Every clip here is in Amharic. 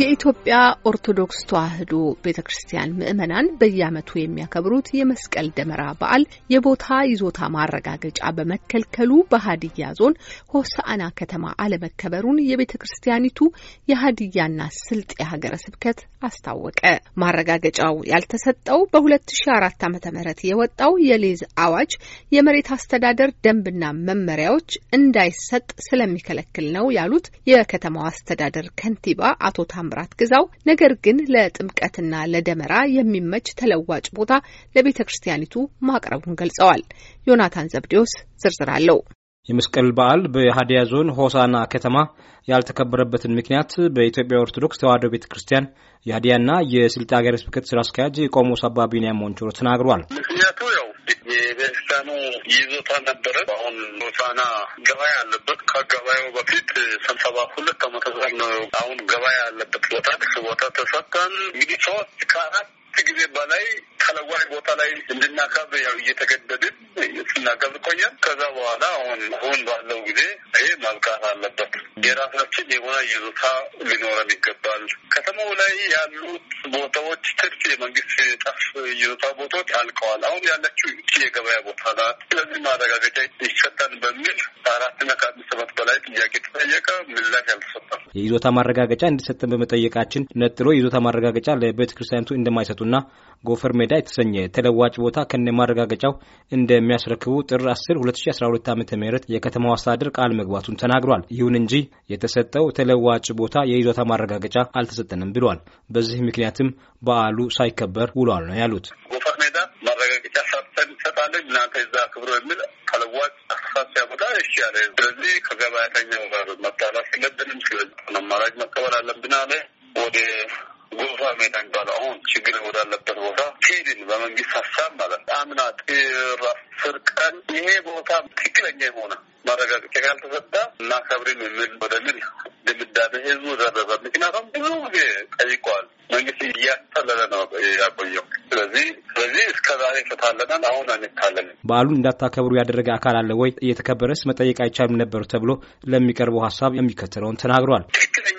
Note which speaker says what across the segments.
Speaker 1: የኢትዮጵያ ኦርቶዶክስ ተዋሕዶ ቤተ ክርስቲያን ምዕመናን በየዓመቱ የሚያከብሩት የመስቀል ደመራ በዓል የቦታ ይዞታ ማረጋገጫ በመከልከሉ በሀዲያ ዞን ሆሳአና ከተማ አለመከበሩን የቤተ ክርስቲያኒቱ የሀዲያና ስልጥ የሀገረ ስብከት አስታወቀ። ማረጋገጫው ያልተሰጠው በ2004 ዓ.ም የወጣው የሌዝ አዋጅ የመሬት አስተዳደር ደንብና መመሪያዎች እንዳይሰጥ ስለሚከለክል ነው ያሉት የከተማው አስተዳደር ከንቲባ አቶ ታምራት ግዛው ነገር ግን ለጥምቀትና ለደመራ የሚመች ተለዋጭ ቦታ ለቤተ ክርስቲያኒቱ ማቅረቡን ገልጸዋል። ዮናታን ዘብዴዎስ ዝርዝር አለው።
Speaker 2: የመስቀል በዓል በሀዲያ ዞን ሆሳና ከተማ ያልተከበረበትን ምክንያት በኢትዮጵያ ኦርቶዶክስ ተዋሕዶ ቤተ ክርስቲያን የሀዲያና የስልጤ ሀገረ ስብከት ስራ አስኪያጅ ቆሞስ አባ ቢንያም ወንቾሮ ተናግሯል። ምክንያቱ ያው የቀኑ ይዞታ ነበረ። አሁን ሆሳና ገበያ አለበት። ከገበያው በፊት ስንሰባ ሁለት አመት ነው። አሁን ገበያ አለበት ቦታ ክስ ቦታ ተሰጥተን እንግዲህ ሶስት
Speaker 3: ከአራት ጊዜ በላይ ተለዋጭ ቦታ ላይ እንድናከብ ያው እየተገደድን ስናከብ ቆያል። ከዛ በኋላ አሁን አሁን ባለው ጊዜ ይሄ ማብቃት አለበት። የራሳችን የሆነ ይዞታ ሊኖረን ይገባል። ከተማው ላይ ያሉት ቦታዎች ትርፍ የመንግስት ይዞታ ቦታዎች አልቀዋል። አሁን ያለችው ይቺ የገበያ ቦታ ናት። ስለዚህ ማረጋገጫ ይሰጠን
Speaker 2: በሚል አራትና ከአምስት ዓመት በላይ ጥያቄ ተጠየቀ፣ ምላሽ አልተሰጠም። የይዞታ ማረጋገጫ እንዲሰጠን በመጠየቃችን ነጥሎ የይዞታ ማረጋገጫ ለቤተ እንደማይሰጡና ጎፈር ሜዳ የተሰኘ ተለዋጭ ቦታ ከነ ማረጋገጫው እንደሚያስረክቡ ጥር 10 2012 ዓ ም የከተማው አስተዳደር ቃል መግባቱን ተናግሯል። ይሁን እንጂ የተሰጠው ተለዋጭ ቦታ የይዞታ ማረጋገጫ አልተሰጠንም ብሏል። በዚህ ምክንያትም በዓሉ ሳይከበር ውሏል ነው ያሉት። ጎፈር ሜዳ ማረጋገጫ ሰጥተን ይሰጣለች
Speaker 3: እናንተ ዛ ክብሮ የሚል ተለዋጭ አሳብ ቦታ እሺ ያለ ስለዚህ ከገበያተኛው ጋር መጣላት የለብንም ስለዚህ አማራጭ መቀበል አለብን አለ ወደ ቦታ ሜዳ የሚባለው አሁን ችግር ወዳለበት ቦታ ሄድን። በመንግስት ሀሳብ ማለት አምና ጥር አስር ቀን ይሄ ቦታ ትክክለኛ የሆነ ማረጋገጫ እና እናከብርም የሚል ወደሚል ድምዳሜ ህዝቡ ደረሰ። ምክንያቱም ብዙ ጊዜ ጠይቋል። መንግስት እያስጠለለ ነው
Speaker 2: ያቆየው። ስለዚህ ስለዚህ እስከ ዛሬ ፈታለናል፣ አሁን አንታለን። በዓሉን እንዳታከብሩ ያደረገ አካል አለ ወይ? እየተከበረስ መጠየቅ አይቻልም ነበር ተብሎ ለሚቀርበው ሀሳብ የሚከተለውን ተናግሯል። ትክክለኛ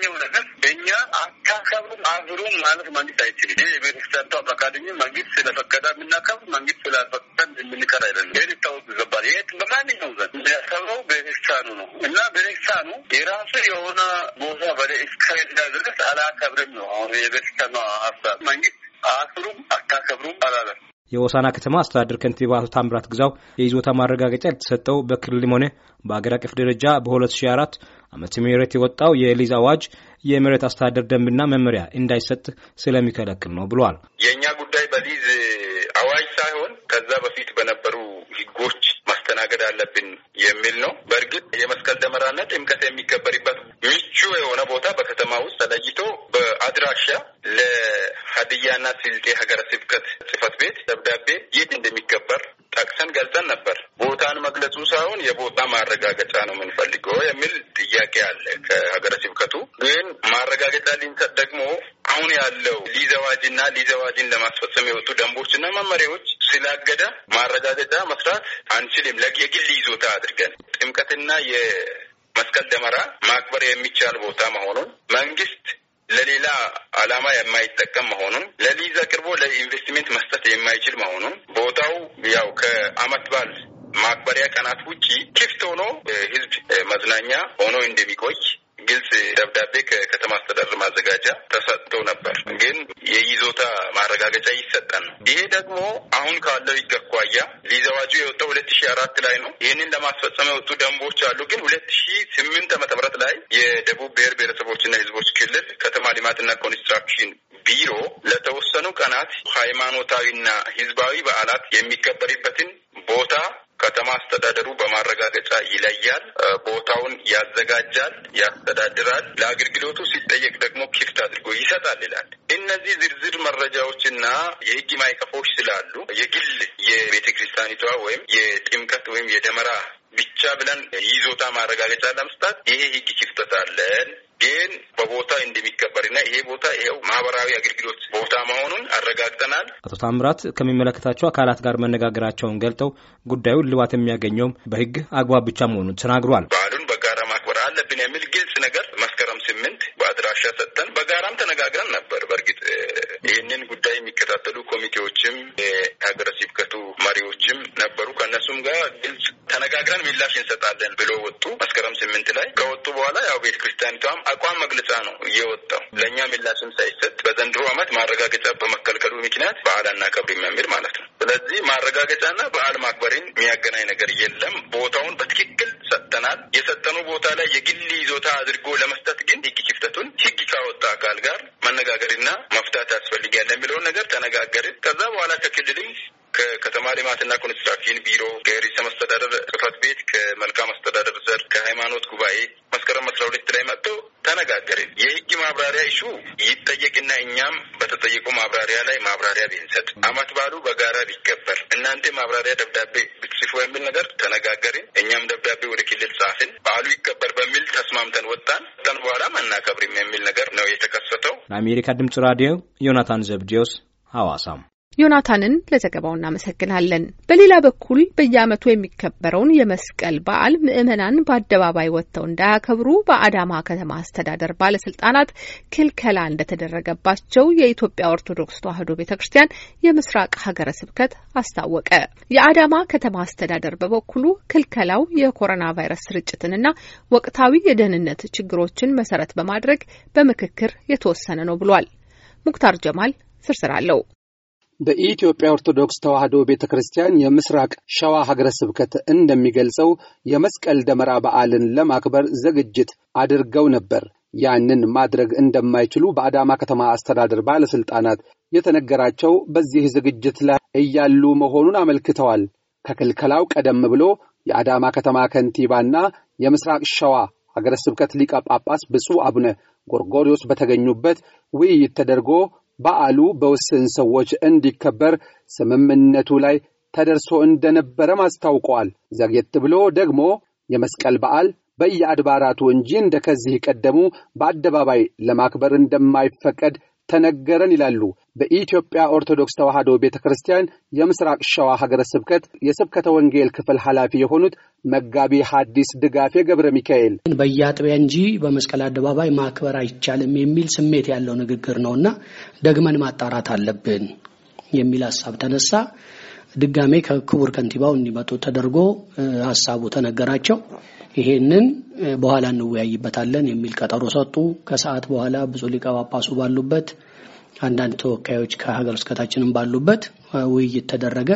Speaker 2: ሁሉም ማለት መንግስት አይችልም። ይህ የቤተክርስቲያንቷ ፈቃደኝ መንግስት
Speaker 3: ስለፈቀደ የምናከብር መንግስት ስላልፈቀደ የምንቀር አይደለም። ይህ ሊታወቅ ይገባል። ይህ በማንኛውም ዘንድ የሚያከብረው ቤተክርስቲያኑ ነው እና ቤተክርስቲያኑ የራሱ የሆነ ቦታ በደ በእስራኤል ድረስ አላከብርም ነው አሁን የቤተክርስቲያኗ ሀሳብ
Speaker 2: መንግስት አስሩም አታከብሩም አላለም። የወሳና ከተማ አስተዳደር ከንቲባ አቶ ታምራት ግዛው የይዞታ ማረጋገጫ ያልተሰጠው በክልልም ሆነ በአገር አቀፍ ደረጃ በ2004 ዓመተ ምህረት የወጣው የሊዝ አዋጅ የመሬት አስተዳደር ደንብና መመሪያ እንዳይሰጥ ስለሚከለክል ነው ብሏል። የእኛ ጉዳይ በሊዝ አዋጅ ሳይሆን ከዛ በፊት በነበሩ ህጎች ማስተናገድ አለብን የሚል ነው። በእርግጥ የመስቀል ደመራና ጥምቀት የሚከበርበት ምቹ የሆነ ቦታ በከተማ ውስጥ ተለይቶ በአድራሻ ለሀዲያና ስልጤ ሀገረ ስብከት
Speaker 3: ማረጋገጫ ነው የምንፈልገው የሚል ጥያቄ አለ ከሀገረ ስብከቱ። ግን ማረጋገጫ ሊንሰጥ ደግሞ አሁን ያለው ሊዝ አዋጅና ሊዝ አዋጅን ለማስፈጸም የወጡ ደንቦችና መመሪያዎች ስላገደ ማረጋገጫ መስራት አንችልም። የግል ይዞታ አድርገን ጥምቀትና የመስቀል ደመራ ማክበር የሚቻል ቦታ መሆኑን መንግስት ለሌላ ዓላማ የማይጠቀም መሆኑን ለሊዝ አቅርቦ ለኢንቨስትሜንት መስጠት የማይችል መሆኑን ቦታው ያው ከአመት በዓል ማክበሪያ ቀናት ውጪ ክፍት ሆኖ ህዝብ መዝናኛ ሆኖ እንደሚቆይ ግልጽ ደብዳቤ ከከተማ አስተዳደር ማዘጋጃ ተሰጥቶ ነበር፣ ግን የይዞታ ማረጋገጫ ይሰጠን ነው። ይሄ ደግሞ አሁን ካለው ህግ አኳያ ሊዝ አዋጁ የወጣው ሁለት ሺ አራት ላይ ነው። ይህንን ለማስፈጸም የወጡ ደንቦች አሉ፣ ግን ሁለት ሺ ስምንት ዓመተ ምህረት ላይ የደቡብ ብሔር ብሔረሰቦችና ህዝቦች ክልል ከተማ ልማትና ኮንስትራክሽን ቢሮ ለተወሰኑ ቀናት ሃይማኖታዊና ህዝባዊ በዓላት የሚከበርበትን ቦታ ከተማ አስተዳደሩ በማረጋገጫ ይለያል፣ ቦታውን ያዘጋጃል፣ ያስተዳድራል። ለአገልግሎቱ ሲጠየቅ ደግሞ ክፍት አድርጎ ይሰጣል ይላል። እነዚህ ዝርዝር መረጃዎችና የህግ ማዕቀፎች ስላሉ የግል የቤተ ክርስቲያኒቷ ወይም የጥምቀት ወይም የደመራ ብቻ ብለን ይዞታ ማረጋገጫ ለመስጠት ይሄ
Speaker 2: ህግ ክፍተት አለን ይህን በቦታ እንደሚከበርና ይሄ ቦታ ይኸው ማህበራዊ አገልግሎት ቦታ መሆኑን አረጋግጠናል። አቶ ታምራት ከሚመለከታቸው አካላት ጋር መነጋገራቸውን ገልጠው ጉዳዩ ልባት የሚያገኘውም በህግ አግባብ ብቻ መሆኑን ተናግሯል። በዓሉን በጋራ ማክበር አለብን የሚል ግልጽ ነገር መስከረም ስምንት በአድራሻ ሰጠን በጋራም ተነጋግረን ነበር። በእርግጥ ይህንን
Speaker 3: ጉዳይ የሚከታተሉ ኮሚቴዎችም የሀገረ ስብከቱ መሪዎችም ነበሩ። ከእነሱም ጋር ተነጋግረን ምላሽ እንሰጣለን ብሎ ወጡ። መስከረም ስምንት ላይ ከወጡ በኋላ ያው ቤተ ክርስቲያኒቷም አቋም መግለጫ ነው እየወጣው ለእኛ ምላሽም ሳይሰጥ በዘንድሮ ዓመት ማረጋገጫ በመከልከሉ ምክንያት በዓል አናከብርም የሚል ማለት ነው። ስለዚህ ማረጋገጫና በዓል ማክበርን የሚያገናኝ ነገር የለም። ቦታውን በትክክል ሰጥተናል። የሰጠኑ ቦታ ላይ የግል ይዞታ አድርጎ ለመስጠት ግን ህግ ክፍተቱን ህግ ካወጣ አካል ጋር መነጋገርና መፍታት ያስፈልጋል የሚለውን ነገር ተነጋገርን። ከዛ በኋላ ከክልልም ከከተማ ልማትና ኮንስትራክሽን ቢሮ፣ ከርዕሰ መስተዳደር ጽህፈት ቤት፣ ከመልካም አስተዳደር ዘርፍ፣ ከሃይማኖት ጉባኤ መስከረም አስራ ሁለት ላይ መጥቶ ተነጋገርን። የህግ ማብራሪያ ይሹ ይጠየቅና እኛም በተጠየቁ ማብራሪያ ላይ ማብራሪያ ብንሰጥ፣ አመት በዓሉ በጋራ ቢከበር፣ እናንተ ማብራሪያ ደብዳቤ ብትጽፉ የሚል ነገር ተነጋገርን። እኛም ደብዳቤ ወደ ክልል
Speaker 2: ጻፍን። በዓሉ ይከበር በሚል ተስማምተን ወጣን። ጠን በኋላም አናከብርም የሚል ነገር ነው የተከሰተው። ለአሜሪካ ድምጽ ራዲዮ ዮናታን ዘብዲዮስ ሐዋሳም
Speaker 1: ዮናታንን ለዘገባው እናመሰግናለን። በሌላ በኩል በየዓመቱ የሚከበረውን የመስቀል በዓል ምዕመናን በአደባባይ ወጥተው እንዳያከብሩ በአዳማ ከተማ አስተዳደር ባለስልጣናት ክልከላ እንደተደረገባቸው የኢትዮጵያ ኦርቶዶክስ ተዋሕዶ ቤተ ክርስቲያን የምስራቅ ሀገረ ስብከት አስታወቀ። የአዳማ ከተማ አስተዳደር በበኩሉ ክልከላው የኮሮና ቫይረስ ስርጭትንና ወቅታዊ የደህንነት ችግሮችን መሰረት በማድረግ በምክክር የተወሰነ ነው ብሏል። ሙክታር ጀማል ስርስር አለው።
Speaker 4: በኢትዮጵያ ኦርቶዶክስ ተዋሕዶ ቤተ ክርስቲያን የምስራቅ ሸዋ ሀገረ ስብከት እንደሚገልጸው የመስቀል ደመራ በዓልን ለማክበር ዝግጅት አድርገው ነበር። ያንን ማድረግ እንደማይችሉ በአዳማ ከተማ አስተዳደር ባለሥልጣናት የተነገራቸው በዚህ ዝግጅት ላይ እያሉ መሆኑን አመልክተዋል። ከክልከላው ቀደም ብሎ የአዳማ ከተማ ከንቲባና የምስራቅ ሸዋ ሀገረ ስብከት ሊቀ ጳጳስ ብፁዕ አቡነ ጎርጎሪዎስ በተገኙበት ውይይት ተደርጎ በዓሉ በውስን ሰዎች እንዲከበር ስምምነቱ ላይ ተደርሶ እንደነበረም አስታውቀዋል። ዘግየት ብሎ ደግሞ የመስቀል በዓል በየአድባራቱ እንጂ እንደ ከዚህ ቀደሙ በአደባባይ ለማክበር እንደማይፈቀድ ተነገረን ይላሉ በኢትዮጵያ ኦርቶዶክስ ተዋህዶ ቤተ ክርስቲያን የምስራቅ ሸዋ ሀገረ ስብከት የስብከተ ወንጌል ክፍል ኃላፊ የሆኑት መጋቢ ሐዲስ
Speaker 5: ድጋፌ ገብረ ሚካኤል። በየአጥቢያ እንጂ በመስቀል አደባባይ ማክበር አይቻልም የሚል ስሜት ያለው ንግግር ነውና ደግመን ማጣራት አለብን የሚል ሀሳብ ተነሳ። ድጋሜ ከክቡር ከንቲባው እንዲመጡ ተደርጎ ሀሳቡ ተነገራቸው። ይሄንን በኋላ እንወያይበታለን የሚል ቀጠሮ ሰጡ። ከሰዓት በኋላ ብፁዕ ሊቀ ጳጳሱ ባሉበት አንዳንድ ተወካዮች ከሀገር ውስጥ ባሉበት ውይይት ተደረገ።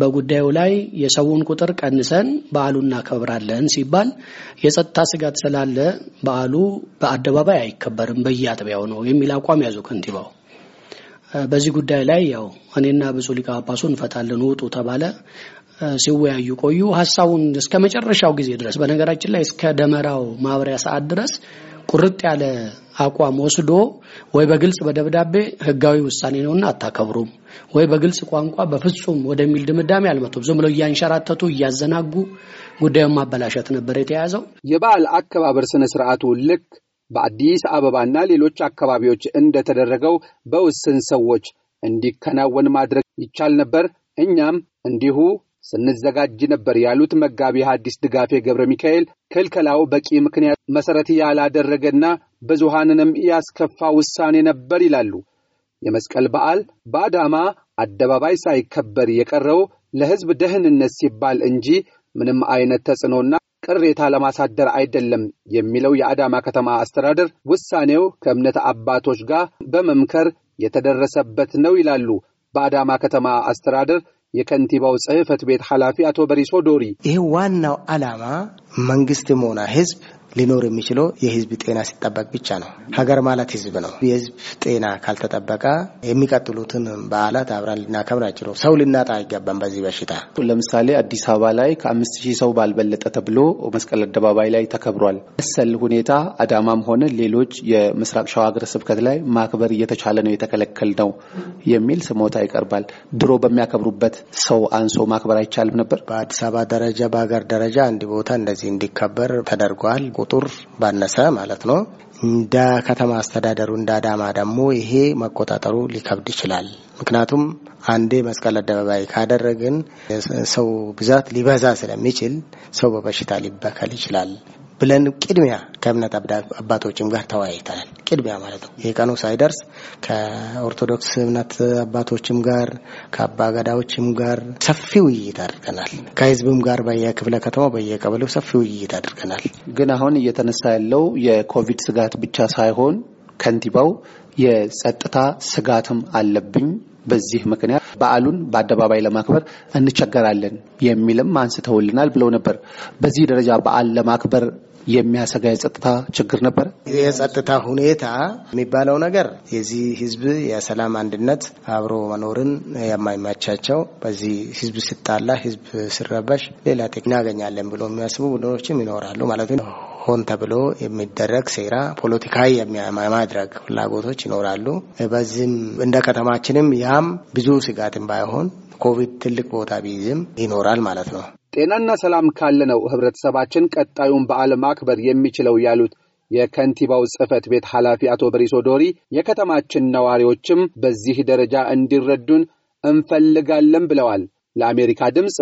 Speaker 5: በጉዳዩ ላይ የሰውን ቁጥር ቀንሰን በዓሉን እናከብራለን ሲባል የጸጥታ ስጋት ስላለ በዓሉ በአደባባይ አይከበርም፣ በየአጥቢያው ነው የሚል አቋም ያዙ ከንቲባው። በዚህ ጉዳይ ላይ ያው እኔና ብፁዕ ሊቀ ጳጳሱ እንፈታለን ውጡ ተባለ። ሲወያዩ ቆዩ። ሀሳቡን እስከ መጨረሻው ጊዜ ድረስ በነገራችን ላይ እስከ ደመራው ማብሪያ ሰዓት ድረስ ቁርጥ ያለ አቋም ወስዶ ወይ በግልጽ በደብዳቤ ህጋዊ ውሳኔ ነውና አታከብሩም፣ ወይ በግልጽ ቋንቋ በፍጹም ወደሚል ድምዳሜ አልመጡም። ዝም ብለው እያንሸራተቱ እያዘናጉ ጉዳዩን ማበላሸት ነበር የተያዘው።
Speaker 4: የበዓል አከባበር ስነ ስርዓቱ ልክ በአዲስ አበባና ሌሎች አካባቢዎች እንደተደረገው በውስን ሰዎች እንዲከናወን ማድረግ ይቻል ነበር፣ እኛም እንዲሁ ስንዘጋጅ ነበር ያሉት መጋቢ ሐዲስ ድጋፌ ገብረ ሚካኤል ክልከላው በቂ ምክንያት መሠረት ያላደረገና ብዙሃንንም ያስከፋ ውሳኔ ነበር ይላሉ። የመስቀል በዓል በአዳማ አደባባይ ሳይከበር የቀረው ለሕዝብ ደህንነት ሲባል እንጂ ምንም አይነት ተጽዕኖና ቅሬታ ለማሳደር አይደለም የሚለው የአዳማ ከተማ አስተዳደር ውሳኔው ከእምነት አባቶች ጋር በመምከር የተደረሰበት ነው ይላሉ በአዳማ ከተማ አስተዳደር የከንቲባው ጽሕፈት ቤት ኃላፊ አቶ በሪሶ ዶሪ።
Speaker 6: ይህ ዋናው ዓላማ መንግስትም ሆነ ህዝብ ሊኖር የሚችለው የህዝብ ጤና ሲጠበቅ ብቻ ነው። ሀገር ማለት ህዝብ ነው። የህዝብ ጤና ካልተጠበቀ የሚቀጥሉትን በዓላት አብረን ልናከብር አይችሉ። ሰው ልናጣ አይገባም። በዚህ በሽታ ለምሳሌ አዲስ አበባ ላይ ከአምስት ሺህ ሰው ባልበለጠ ተብሎ
Speaker 4: መስቀል አደባባይ ላይ ተከብሯል። መሰል ሁኔታ አዳማም ሆነ ሌሎች የምስራቅ ሸዋ ሀገረ ስብከት ላይ ማክበር እየተቻለ ነው የተከለከል ነው የሚል ስሞታ ይቀርባል። ድሮ
Speaker 6: በሚያከብሩበት ሰው አንሶ ማክበር አይቻልም ነበር። በአዲስ አበባ ደረጃ በሀገር ደረጃ አንድ ቦታ እንደዚህ እንዲከበር ተደርጓል። ቁጥር ባነሰ ማለት ነው። እንደ ከተማ አስተዳደሩ እንደ አዳማ ደግሞ ይሄ መቆጣጠሩ ሊከብድ ይችላል። ምክንያቱም አንዴ መስቀል አደባባይ ካደረግን ሰው ብዛት ሊበዛ ስለሚችል ሰው በበሽታ ሊበከል ይችላል። ብለን ቅድሚያ ከእምነት አባቶችም ጋር ተወያይተናል። ቅድሚያ ማለት ነው። ይህ ቀኑ ሳይደርስ ከኦርቶዶክስ እምነት አባቶችም ጋር ከአባገዳዎችም ጋር ሰፊ ውይይት አድርገናል። ከህዝብም ጋር በየክፍለ ከተማ በየቀበሌው ሰፊ ውይይት አድርገናል። ግን አሁን እየተነሳ ያለው የኮቪድ ስጋት ብቻ ሳይሆን
Speaker 4: ከንቲባው የጸጥታ ስጋትም አለብኝ በዚህ ምክንያት በዓሉን በአደባባይ ለማክበር እንቸገራለን የሚልም አንስተውልናል ብለው ነበር። በዚህ ደረጃ በዓል ለማክበር የሚያሰጋ የጸጥታ ችግር ነበረ።
Speaker 6: የጸጥታ ሁኔታ የሚባለው ነገር የዚህ ህዝብ የሰላም አንድነት አብሮ መኖርን የማይመቻቸው በዚህ ህዝብ ስጣላ፣ ህዝብ ስረበሽ ሌላ ቴክ እናገኛለን ብሎ የሚያስቡ ቡድኖችም ይኖራሉ ማለት ነው። ሆን ተብሎ የሚደረግ ሴራ፣ ፖለቲካዊ የማድረግ ፍላጎቶች ይኖራሉ። በዚህም እንደ ከተማችንም ያም ብዙ ስጋትን ባይሆን ኮቪድ ትልቅ ቦታ ቢይዝም ይኖራል ማለት ነው።
Speaker 4: ጤናና ሰላም ካለ ነው ህብረተሰባችን ቀጣዩን በዓል ማክበር የሚችለው ያሉት የከንቲባው ጽህፈት ቤት ኃላፊ አቶ በሪሶ ዶሪ የከተማችን ነዋሪዎችም በዚህ ደረጃ እንዲረዱን እንፈልጋለን ብለዋል። ለአሜሪካ ድምፅ